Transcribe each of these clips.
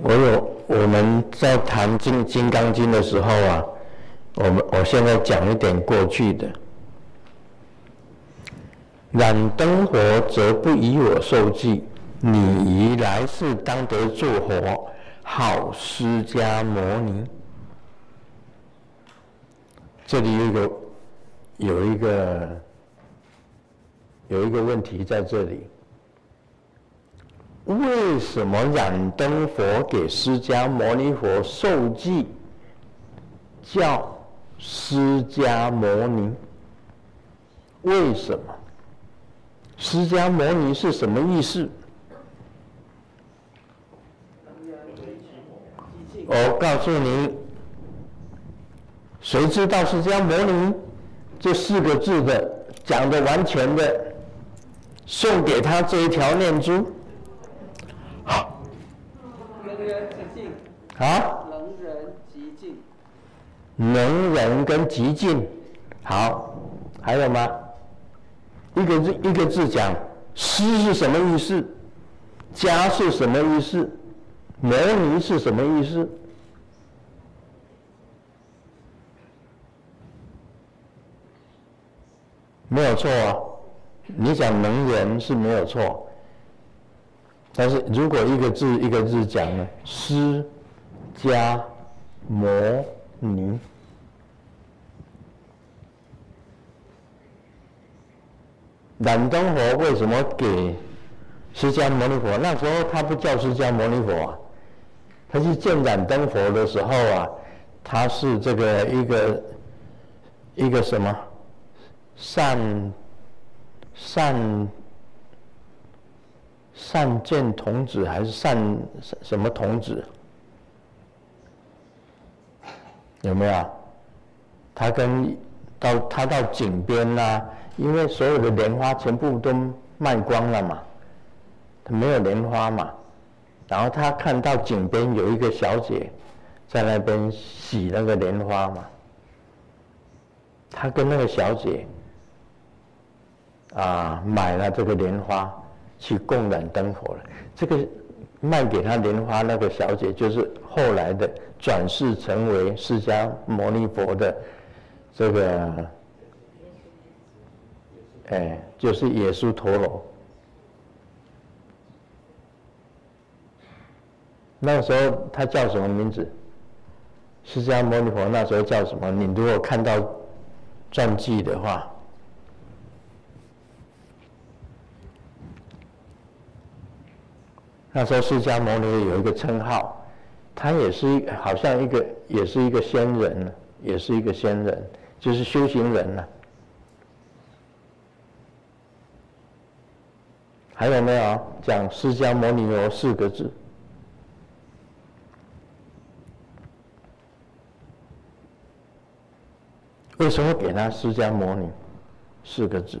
我有我們在談《金金剛經》的時候啊，我們我現在講一點過去的。燃燈佛則不以我受記，你以來世當得作佛，好，釋迦牟尼。這裡有一個有一個有一個問題在這裡。為什麼燃燈佛給釋迦牟尼佛授記，叫釋迦牟尼？為什麼？釋迦牟尼是什麼意思？我告訴你，誰知道釋迦牟尼這四個字的講得完全的，送給他這一條念珠。好，啊、能仁寂靜。能仁跟寂靜，好，還有嗎？一個字一個字講，釋是什麼意思？迦是什麼意思？牟尼是什麼意思？沒有錯啊，你講能仁是沒有錯，但是如果一個字一個字講呢？釋。迦牟尼，燃、嗯、燈佛為什麼給釋迦牟尼佛？那時候他不叫釋迦牟尼佛啊，他去見燃燈佛的時候啊，他是這個一個一個什麼善善善見童子還是善什麼童子？有沒有？他跟到他到井邊吶、啊，因為所有的蓮花全部都賣光了嘛，他沒有蓮花嘛。然後他看到井邊有一個小姐在那邊洗那個蓮花嘛，他跟那個小姐啊、呃、買了這個蓮花去供燃燈火了。這個。賣給他蓮花那個小姐，就是後來的轉世，成為釋迦牟尼佛的這個，哎，就是耶輸陀羅。那個時候他叫什麼名字？釋迦牟尼佛那時候叫什麼？你如果看到傳記的話。那時候，釋迦牟尼有一個稱號，他也是好像一個，也是一個仙人，也是一個仙人，就是修行人呢、啊。還有沒有講釋迦牟尼有四個字？為什麼給他釋迦牟尼四個字？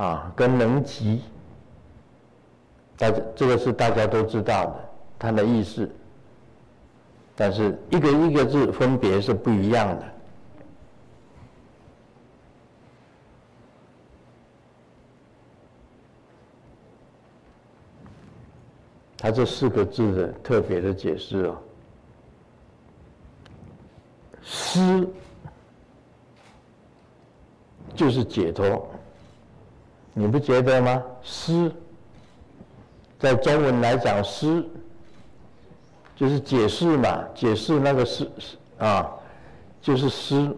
啊，跟能及，大家這個是大家都知道的，他的意思。但是一個一個字分別是不一樣的。他這四個字的特別的解釋哦，詩就是解脫。你不覺得嗎？釋在中文來講釋，釋就是解釋嘛，解釋那個釋啊，就是釋。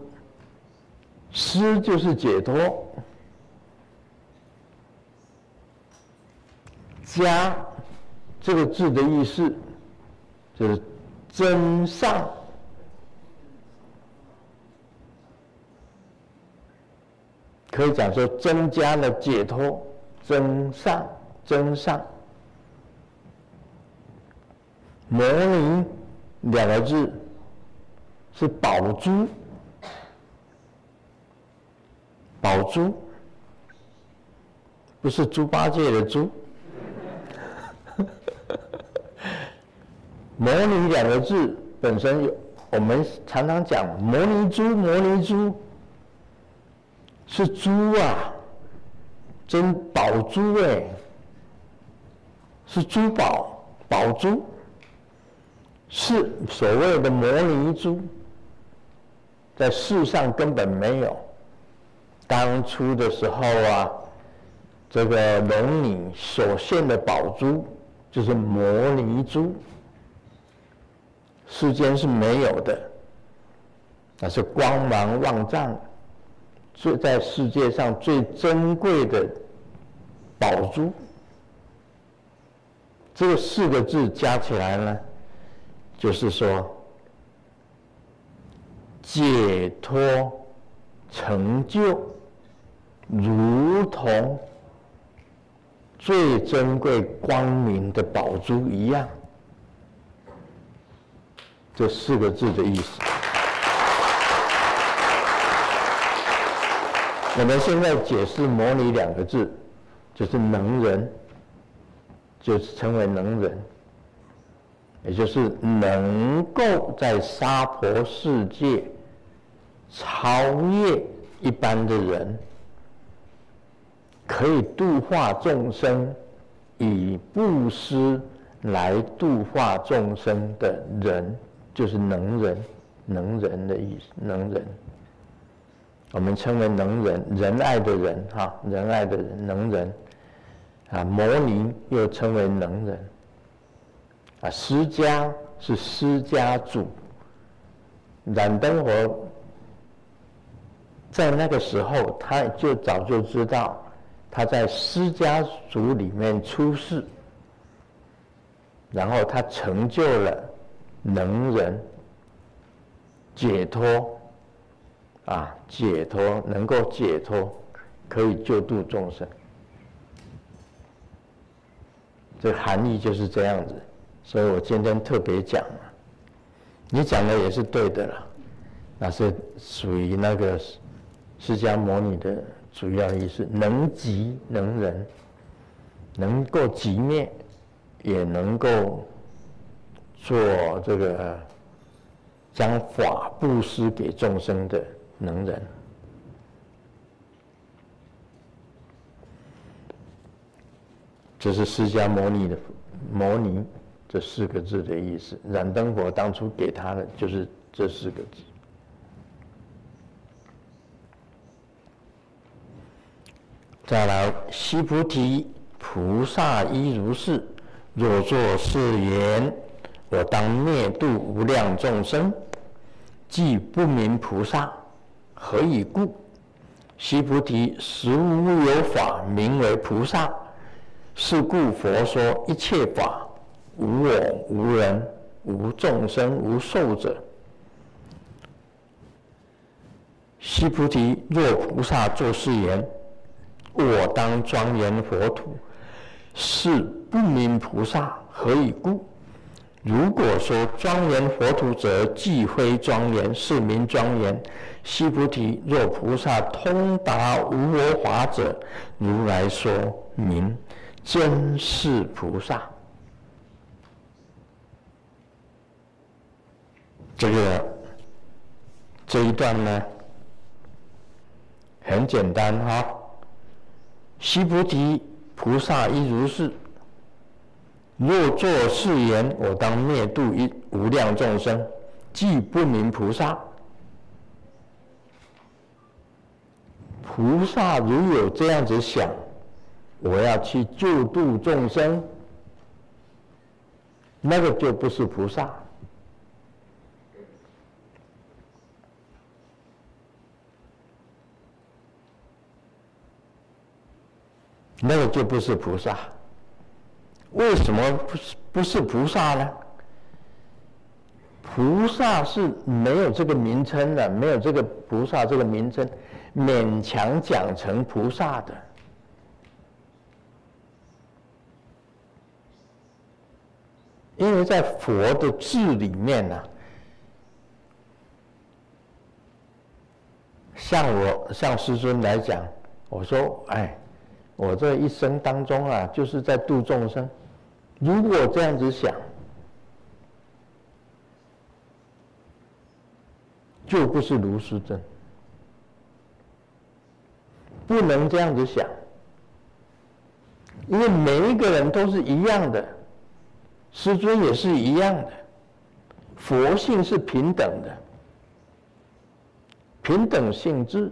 釋就是解脫。迦這個字的意思就是真善。可以講說，增加了解脫，增上，增上。摩尼兩個字是寶珠，寶珠不是豬八戒的豬。摩尼 兩個字本身有，我們常常講摩尼珠，摩尼珠。是珠啊，真寶珠哎、欸，是珠寶寶珠，是所謂的摩尼珠，在世上根本沒有。當初的時候啊，這個龍女所獻的寶珠就是摩尼珠，世間是沒有的，那是光芒萬丈最在世界上最珍貴的寶珠，這個、四個字加起來呢，就是說解脫成就，如同最珍貴光明的寶珠一樣，這四個字的意思。我們現在解釋“牟尼”兩個字，就是能仁，就是稱為能仁，也就是能夠在娑婆世界超越一般的人，可以度化眾生，以布施來度化眾生的人，就是能仁，能仁的意思，能仁。我們稱為能人，仁愛的人哈，仁愛的人能人，啊，摩尼又稱為能人，啊，釋迦是釋迦族，燃燈佛，在那個時候他就早就知道他在釋迦族裡面出世，然後他成就了能人解脫。啊，解脫能夠解脫，可以救度眾生。這含義就是這樣子，所以我今天特別講。你講的也是對的啦，那是屬於那個釋迦牟尼的主要意思：能及能仁，能夠寂滅，也能夠做這個將法布施給眾生的。能忍，這是釋迦牟尼的“牟尼”這四個字的意思。燃燈佛當初給他的就是這四個字。再來，須菩提，菩薩亦如是。若作是言：“我當滅度無量眾生，即不名菩薩。”何以故？須菩提，實無有法名為菩薩。是故佛說一切法，無我無人無眾生無壽者。須菩提，若菩薩作是言：“我當莊嚴佛土”，是不名菩薩。何以故？如來說莊嚴佛土者，即非莊嚴，是名莊嚴。須菩提，若菩薩通達無我法者，如來說名真是菩薩。這個這一段呢，很簡單哈。須菩提，菩薩亦如是。若作是言：“我當滅度一無量眾生，即不名菩薩。”菩薩如果有這樣子想，我要去救度眾生，那個就不是菩薩，那個就不是菩薩。為什麼不是不是菩薩呢？菩薩是沒有這個名稱的，沒有這個菩薩這個名稱。勉強講成菩薩的，因為在佛的智裡面呢、啊，像我像師尊來講，我說，哎，我這一生當中啊，就是在度眾生。如果這樣子想，就不是盧師尊。不能這樣子想，因為每一個人都是一樣的，師尊也是一樣的，佛性是平等的，平等性質，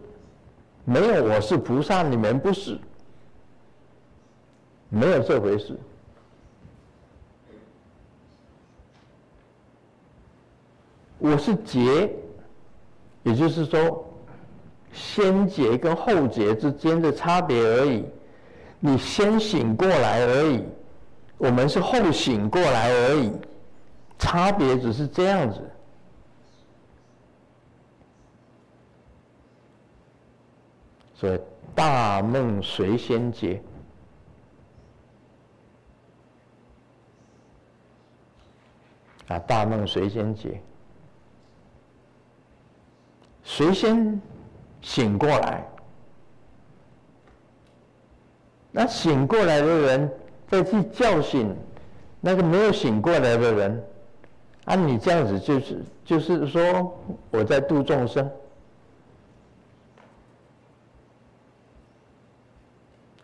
沒有我是菩薩，你們不是，沒有這回事。我是劫，也就是說。先覺跟後覺之間的差別而已，你先醒過來而已，我們是後醒過來而已，差別只是這樣子。所以大夢誰先覺啊，大夢誰先覺誰先？醒過來，那醒過來的人再去叫醒那個沒有醒過來的人，啊，你這樣子就是就是說我在度眾生，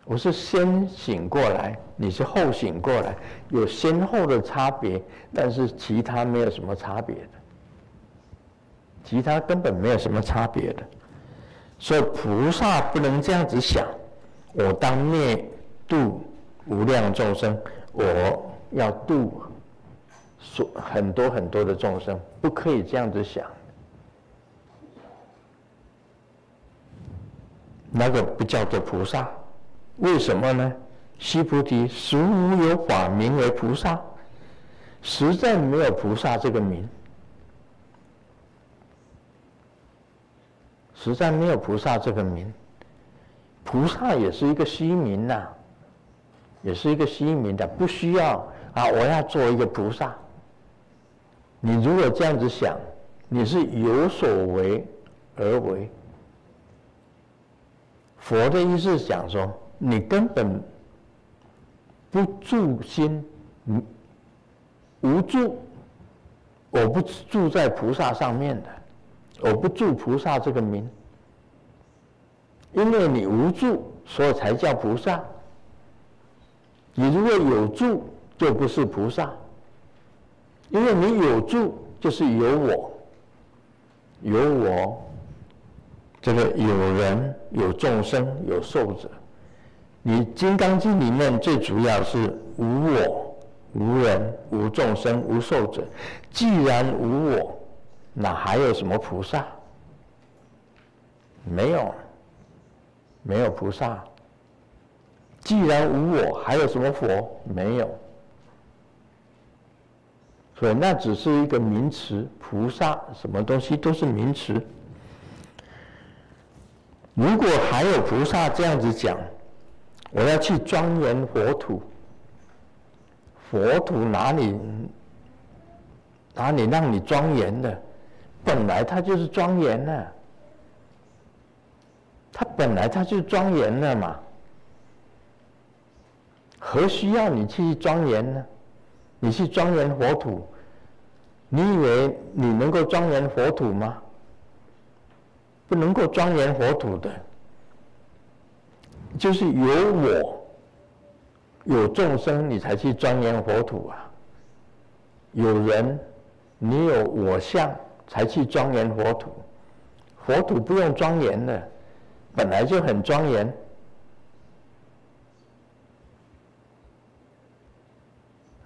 我是先醒過來，你是後醒過來，有先後的差別，但是其他沒有什麼差別的，其他根本沒有什麼差別的。所以菩薩不能這樣子想，我當滅度無量眾生，我要度所很多很多的眾生，不可以這樣子想。那個不叫做菩薩，為什麼呢？須菩提實無有法名為菩薩，實在沒有菩薩這個名。實在沒有菩薩這個名，菩薩也是一個虛名吶、啊，也是一個虛名的，不需要啊！我要做一個菩薩。你如果這樣子想，你是有所為而為。佛的意思是講說，你根本不住心，無，無住，我不住在菩薩上面的。我不住菩薩這個名，因為你無住，所以才叫菩薩。你如果有住，就不是菩薩。因為你有住，就是有我、有我，這個有人、有眾生、有壽者。你《金剛經》裡面最主要是無我、無人、無眾生、無壽者。既然無我，那還有什麼菩薩？沒有，沒有菩薩。既然無我，還有什麼佛？沒有。所以那只是一個名詞，菩薩什麼東西都是名詞。如果還有菩薩這樣子講，我要去莊嚴佛土，佛土哪裡哪裡讓你莊嚴的？本來它就是莊嚴的，它本來它就是莊嚴了嘛，何需要你去莊嚴呢？你去莊嚴佛土，你以為你能夠莊嚴佛土嗎？不能夠莊嚴佛土的，就是有我、有眾生，你才去莊嚴佛土啊。有人，你有我相。才去莊嚴佛土，佛土不用莊嚴的，本來就很莊嚴。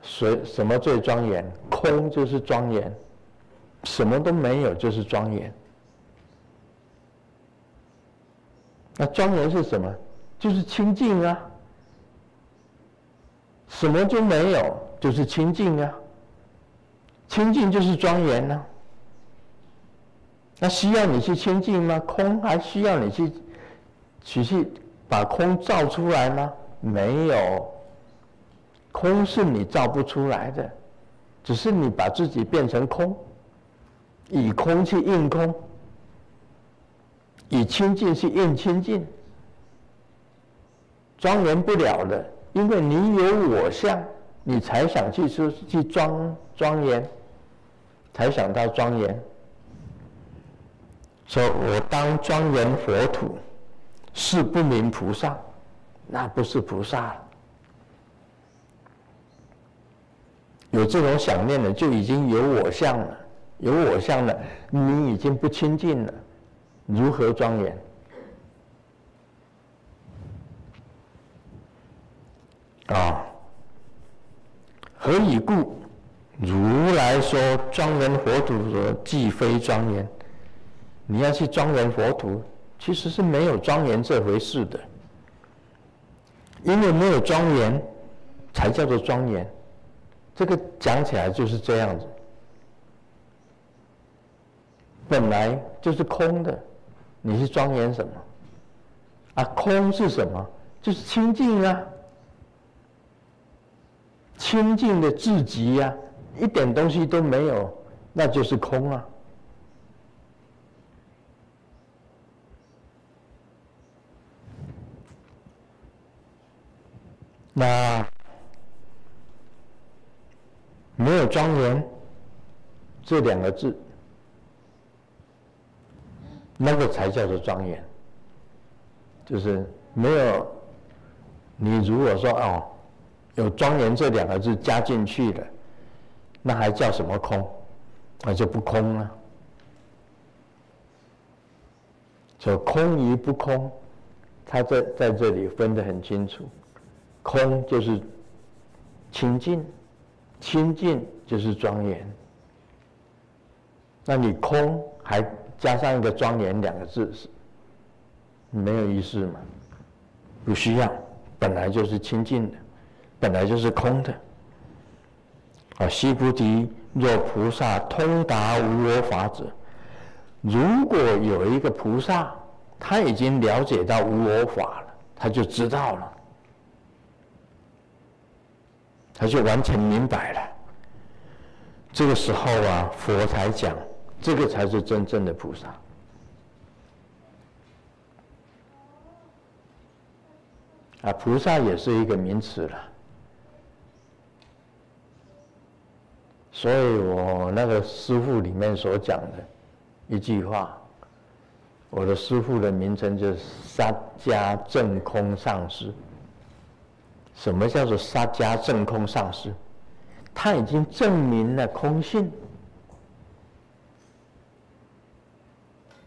誰什麼最莊嚴？空就是莊嚴，什麼都沒有就是莊嚴。那莊嚴是什麼？就是清淨啊，什麼都沒有就是清淨啊，清淨就是莊嚴啊。那需要你去清淨嗎？空還需要你去去去把空造出來嗎？沒有，空是你造不出來的，只是你把自己變成空，以空去應空，以清淨去應清淨，莊嚴不了的，因為你有我相，你才想去去去莊莊嚴，才想到莊嚴。說我當莊嚴佛土，是不名菩薩，那不是菩薩。有這種想念的，就已經有我相了，有我相了，你已經不清淨了，如何莊嚴？啊？何以故？如來說莊嚴佛土者說，說即非莊嚴。你要去莊嚴佛土，其實是沒有莊嚴這回事的，因為沒有莊嚴，才叫做莊嚴。這個講起來就是這樣子，本來就是空的，你是莊嚴什麼？啊，空是什麼？就是清淨啊，清淨的至極啊，一點東西都沒有，那就是空啊。那沒有“莊嚴”這兩個字，那個才叫做莊嚴。就是沒有，你如果說哦，有“莊嚴”這兩個字加進去了，那還叫什麼空？那就不空了啊。就空與不空，他在在這裡分得很清楚。空就是清淨，清淨就是莊嚴。那你空還加上一個莊嚴兩個字，是沒有意思嗎？不需要，本來就是清淨的，本來就是空的。啊，須菩提，若菩薩通達無我法者，如果有一個菩薩，他已經了解到無我法了，他就知道了。他就完全明白了。這個時候啊，佛才講，這個才是真正的菩薩。啊，菩薩也是一個名詞了。所以我那個師父裡面所講的一句話，我的師父的名稱就是薩迦證空上師。什麼叫做沙迦正空上師？他已經證明了空性，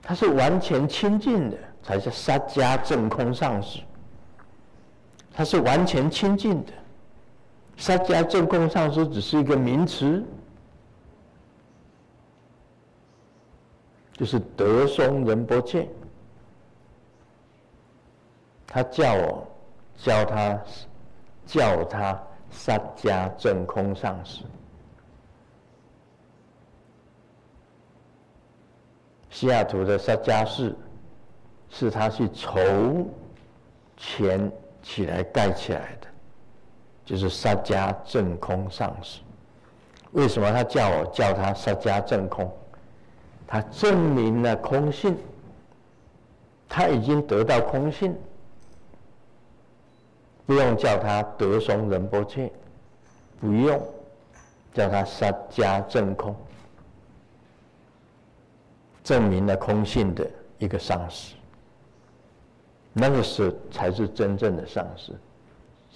他是完全清淨的，才叫沙迦正空上師。他是完全清淨的，沙迦正空上師只是一個名詞，就是德松仁波切，他叫我教他，叫他薩迦正空上師。西雅圖的薩迦寺是他去籌錢起來蓋起來的，就是薩迦正空上師。為什麼他叫我叫他薩迦正空？他證明了空性，他已經得到空性。不用叫他德松仁波切，不用叫他薩迦證空，證明了空性的一個上師，那個是才是真正的上師，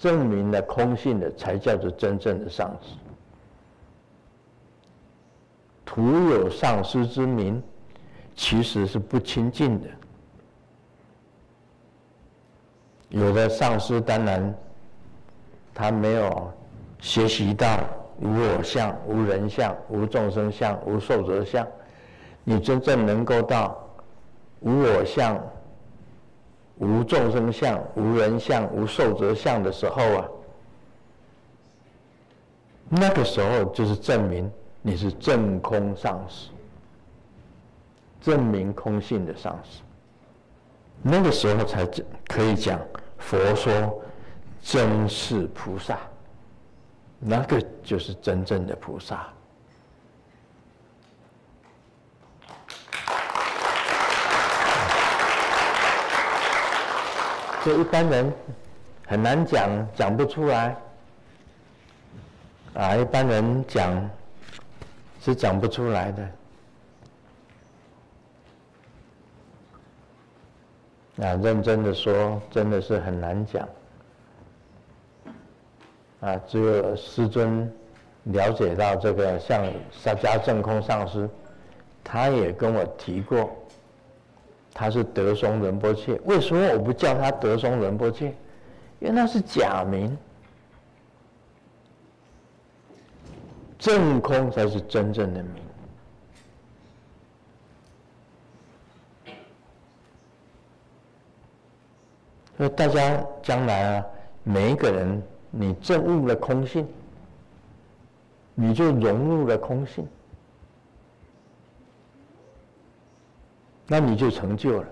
證明了空性的才叫做真正的上師，徒有上師之名，其實是不清淨的。有的上師當然，他沒有學習到無我相、無人相、無眾生相、無壽者相，你真正能夠到無我相、無眾生相、無人相、無壽者相的時候啊，那個時候就是證明你是正空上師，證明空性的上師，那個時候才可以講。佛說，真是菩薩，那個就是真正的菩薩。這，啊，一般人很難講，講不出來。啊，一般人講是講不出來的。啊，認真的說，真的是很難講。啊，只有師尊了解到這個，像薩迦正空上師，他也跟我提過，他是德松仁波切。為什麼我不叫他德松仁波切？因為那是假名，正空才是真正的名。那大家將來啊，每一個人，你證悟了空性，你就融入了空性，那你就成就了。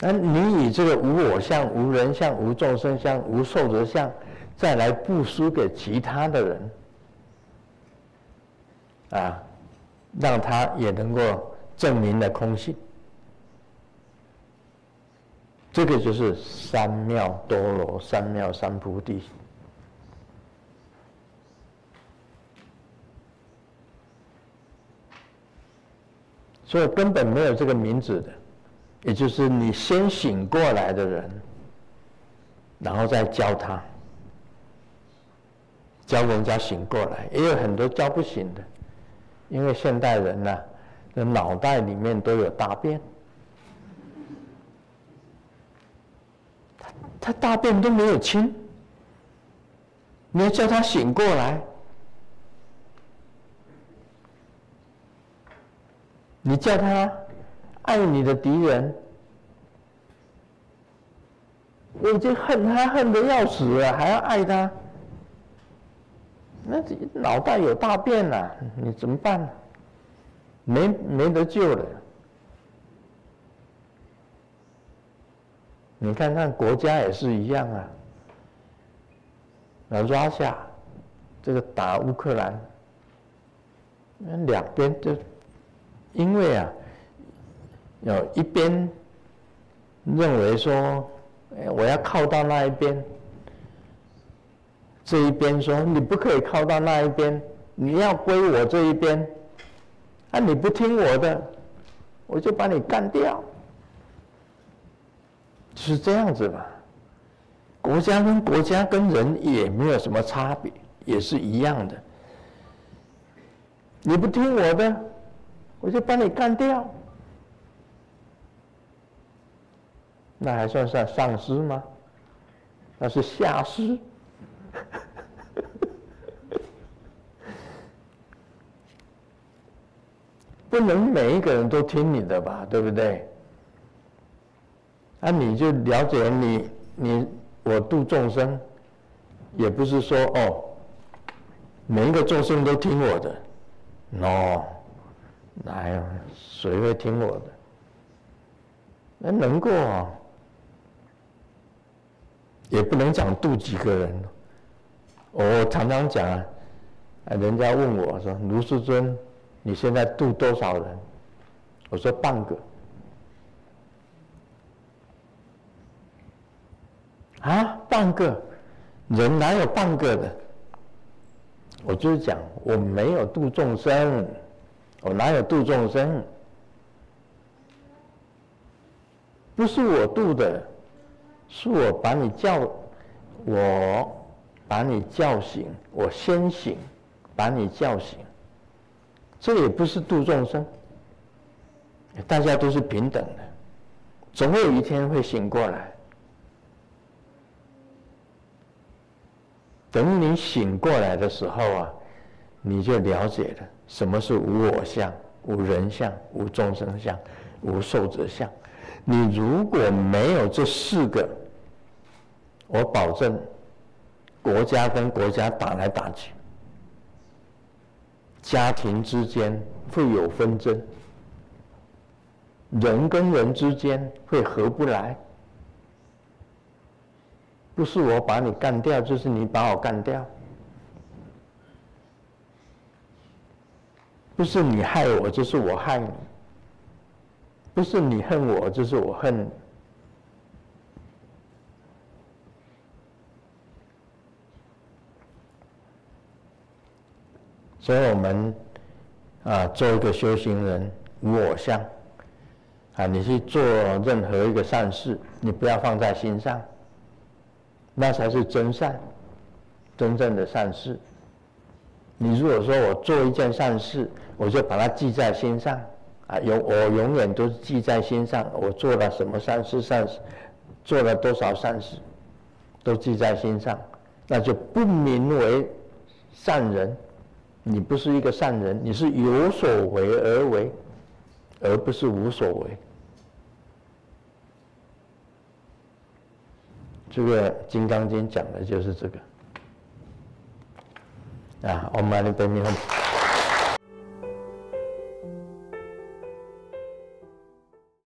那你以這個無我相、無人相、無眾生相、無壽者相，再來布施給其他的人，啊，讓他也能夠證明了空性。這個就是三藐多羅，三藐三菩提，所以我根本沒有這個名字的，也就是你先醒過來的人，然後再教他，教人家醒過來，也有很多教不醒的，因為現代人呢、啊，的腦袋裡面都有大便。他大便都沒有清，你要叫他醒過來，你叫他愛你的敵人，我已經恨他恨得要死了，還要愛他，那這腦袋有大便了啊，你怎麼辦？沒沒得救了。你看看國家也是一樣啊，要抓下這個打烏克蘭，兩邊就因為啊，有一邊認為說，哎，我要靠到那一邊，這一邊說你不可以靠到那一邊，你要歸我這一邊，啊，你不聽我的，我就把你幹掉。是這樣子吧，國家跟國家跟人也沒有什麼差別，也是一樣的。你不聽我的，我就把你幹掉。那還算算上師嗎？那是下師。 不能每一個人都聽你的吧，對不對？那、啊、你就了解，你你我度眾生，也不是說哦，每一個眾生都聽我的哦，哪、no, 有、哎、誰會聽我的？那能夠啊、哦，也不能講度幾個人。哦、我常常講，啊，人家問我說：“盧師尊，你現在度多少人？”我說：“半個。”啊，半個人哪有半個的？我就是講，我沒有度眾生，我哪有度眾生？不是我度的，是我把你叫，我把你叫醒，我先醒，把你叫醒。這也不是度眾生，大家都是平等的，總有一天會醒過來。等你醒過來的時候啊，你就了解了什麼是無我相、無人相、無眾生相、無壽者相。你如果沒有這四個，我保證，國家跟國家打來打去，家庭之間會有紛爭，人跟人之間會合不來。不是我把你幹掉，就是你把我幹掉；不是你害我，就是我害你；不是你恨我，就是我恨你。所以我們啊，做一個修行人，無我相啊，你去做任何一個善事，你不要放在心上。那才是真善，真正的善事。你如果說我做一件善事，我就把它記在心上，啊，永我永遠都記在心上。我做了什麼善事，善事，做了多少善事，都記在心上，那就不名為善人。你不是一個善人，你是有所為而為，而不是無所為。這個《金剛經》講的就是這個啊，我們。